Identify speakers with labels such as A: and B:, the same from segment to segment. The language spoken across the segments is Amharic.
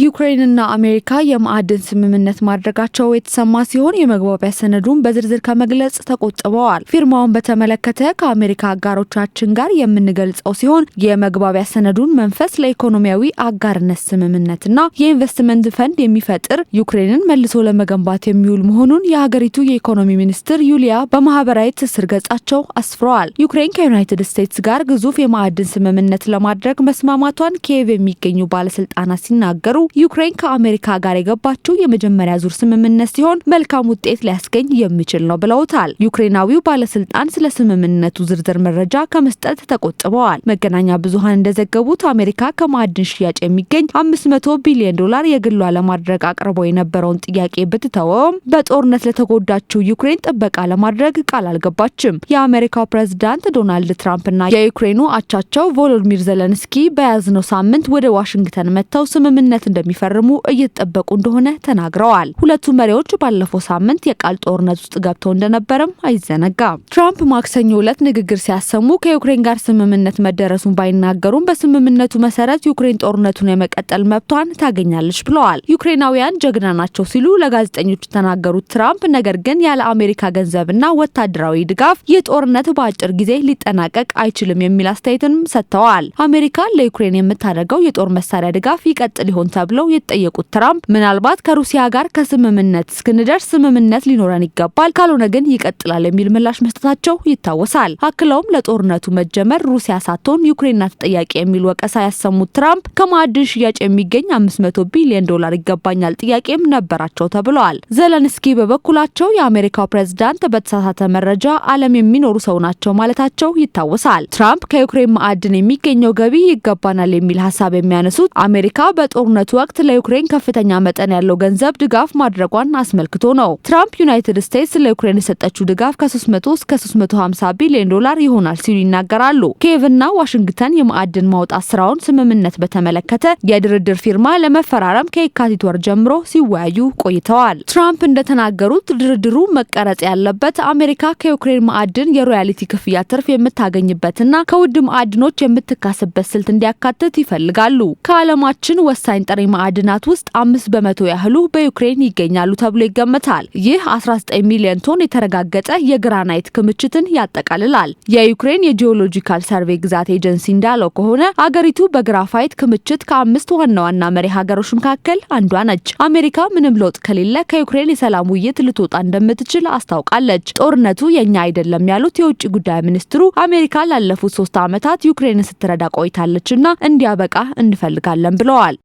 A: ዩክሬንና አሜሪካ የማዕድን ስምምነት ማድረጋቸው የተሰማ ሲሆን የመግባቢያ ሰነዱን በዝርዝር ከመግለጽ ተቆጥበዋል። ፊርማውን በተመለከተ ከአሜሪካ አጋሮቻችን ጋር የምንገልጸው ሲሆን የመግባቢያ ሰነዱን መንፈስ ለኢኮኖሚያዊ አጋርነት ስምምነትና የኢንቨስትመንት ፈንድ የሚፈጥር ዩክሬንን መልሶ ለመገንባት የሚውል መሆኑን የሀገሪቱ የኢኮኖሚ ሚኒስትር ዩሊያ በማህበራዊ ትስስር ገጻቸው አስፍረዋል። ዩክሬን ከዩናይትድ ስቴትስ ጋር ግዙፍ የማዕድን ስምምነት ለማድረግ መስማማቷን ኪየቭ የሚገኙ ባለስልጣናት ሲናገሩ ሲናገሩ ዩክሬን ከአሜሪካ ጋር የገባችው የመጀመሪያ ዙር ስምምነት ሲሆን መልካም ውጤት ሊያስገኝ የሚችል ነው ብለውታል። ዩክሬናዊው ባለስልጣን ስለ ስምምነቱ ዝርዝር መረጃ ከመስጠት ተቆጥበዋል። መገናኛ ብዙኃን እንደዘገቡት አሜሪካ ከማዕድን ሽያጭ የሚገኝ 500 ቢሊዮን ዶላር የግሏ ለማድረግ አቅርቦ የነበረውን ጥያቄ ብትተወውም በጦርነት ለተጎዳችው ዩክሬን ጥበቃ ለማድረግ ቃል አልገባችም። የአሜሪካው ፕሬዝዳንት ዶናልድ ትራምፕና የዩክሬኑ አቻቸው ቮሎዲሚር ዘለንስኪ በያዝነው ሳምንት ወደ ዋሽንግተን መጥተው ስምምነት እንደሚፈርሙ እየተጠበቁ እንደሆነ ተናግረዋል። ሁለቱ መሪዎች ባለፈው ሳምንት የቃል ጦርነት ውስጥ ገብተው እንደነበረም አይዘነጋም። ትራምፕ ማክሰኞ ዕለት ንግግር ሲያሰሙ ከዩክሬን ጋር ስምምነት መደረሱን ባይናገሩም በስምምነቱ መሰረት ዩክሬን ጦርነቱን የመቀጠል መብቷን ታገኛለች ብለዋል። ዩክሬናውያን ጀግና ናቸው ሲሉ ለጋዜጠኞች የተናገሩት ትራምፕ ነገር ግን ያለ አሜሪካ ገንዘብና ወታደራዊ ድጋፍ ይህ ጦርነት በአጭር ጊዜ ሊጠናቀቅ አይችልም የሚል አስተያየትንም ሰጥተዋል። አሜሪካ ለዩክሬን የምታደርገው የጦር መሳሪያ ድጋፍ ይቀጥል ይሆን ተብለው የተጠየቁት ትራምፕ ምናልባት ከሩሲያ ጋር ከስምምነት እስክንደርስ ስምምነት ሊኖረን ይገባል፣ ካልሆነ ግን ይቀጥላል የሚል ምላሽ መስጠታቸው ይታወሳል። አክለውም ለጦርነቱ መጀመር ሩሲያ ሳትሆን ዩክሬን ተጠያቂ የሚል ወቀሳ ያሰሙት ትራምፕ ከማዕድን ሽያጭ የሚገኝ 500 ቢሊዮን ዶላር ይገባኛል ጥያቄም ነበራቸው ተብለዋል። ዘለንስኪ በበኩላቸው የአሜሪካው ፕሬዝዳንት በተሳሳተ መረጃ ዓለም የሚኖሩ ሰው ናቸው ማለታቸው ይታወሳል። ትራምፕ ከዩክሬን ማዕድን የሚገኘው ገቢ ይገባናል የሚል ሀሳብ የሚያነሱት አሜሪካ በጦርነቱ በጦርነቱ ወቅት ለዩክሬን ከፍተኛ መጠን ያለው ገንዘብ ድጋፍ ማድረጓን አስመልክቶ ነው። ትራምፕ ዩናይትድ ስቴትስ ለዩክሬን የሰጠችው ድጋፍ ከ300 እስከ 350 ቢሊዮን ዶላር ይሆናል ሲሉ ይናገራሉ። ኪየቭና ዋሽንግተን የማዕድን ማውጣት ስራውን ስምምነት በተመለከተ የድርድር ፊርማ ለመፈራረም ከየካቲት ወር ጀምሮ ሲወያዩ ቆይተዋል። ትራምፕ እንደተናገሩት ድርድሩ መቀረጽ ያለበት አሜሪካ ከዩክሬን ማዕድን የሮያሊቲ ክፍያ ትርፍ የምታገኝበትና ከውድ ማዕድኖች የምትካስበት ስልት እንዲያካትት ይፈልጋሉ። ከዓለማችን ወሳኝ ከጥራጥሬ ማዕድናት ውስጥ አምስት በመቶ ያህሉ በዩክሬን ይገኛሉ ተብሎ ይገመታል። ይህ 19 ሚሊዮን ቶን የተረጋገጠ የግራናይት ክምችትን ያጠቃልላል። የዩክሬን የጂኦሎጂካል ሰርቬ ግዛት ኤጀንሲ እንዳለው ከሆነ አገሪቱ በግራፋይት ክምችት ከአምስት ዋና ዋና መሪ ሀገሮች መካከል አንዷ ነች። አሜሪካ ምንም ለውጥ ከሌለ ከዩክሬን የሰላም ውይይት ልትወጣ እንደምትችል አስታውቃለች። ጦርነቱ የእኛ አይደለም ያሉት የውጭ ጉዳይ ሚኒስትሩ አሜሪካ ላለፉት ሶስት ዓመታት ዩክሬን ስትረዳ ቆይታለችና እንዲያበቃ እንፈልጋለን ብለዋል።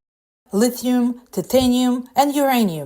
A: lithium, titanium, and uranium.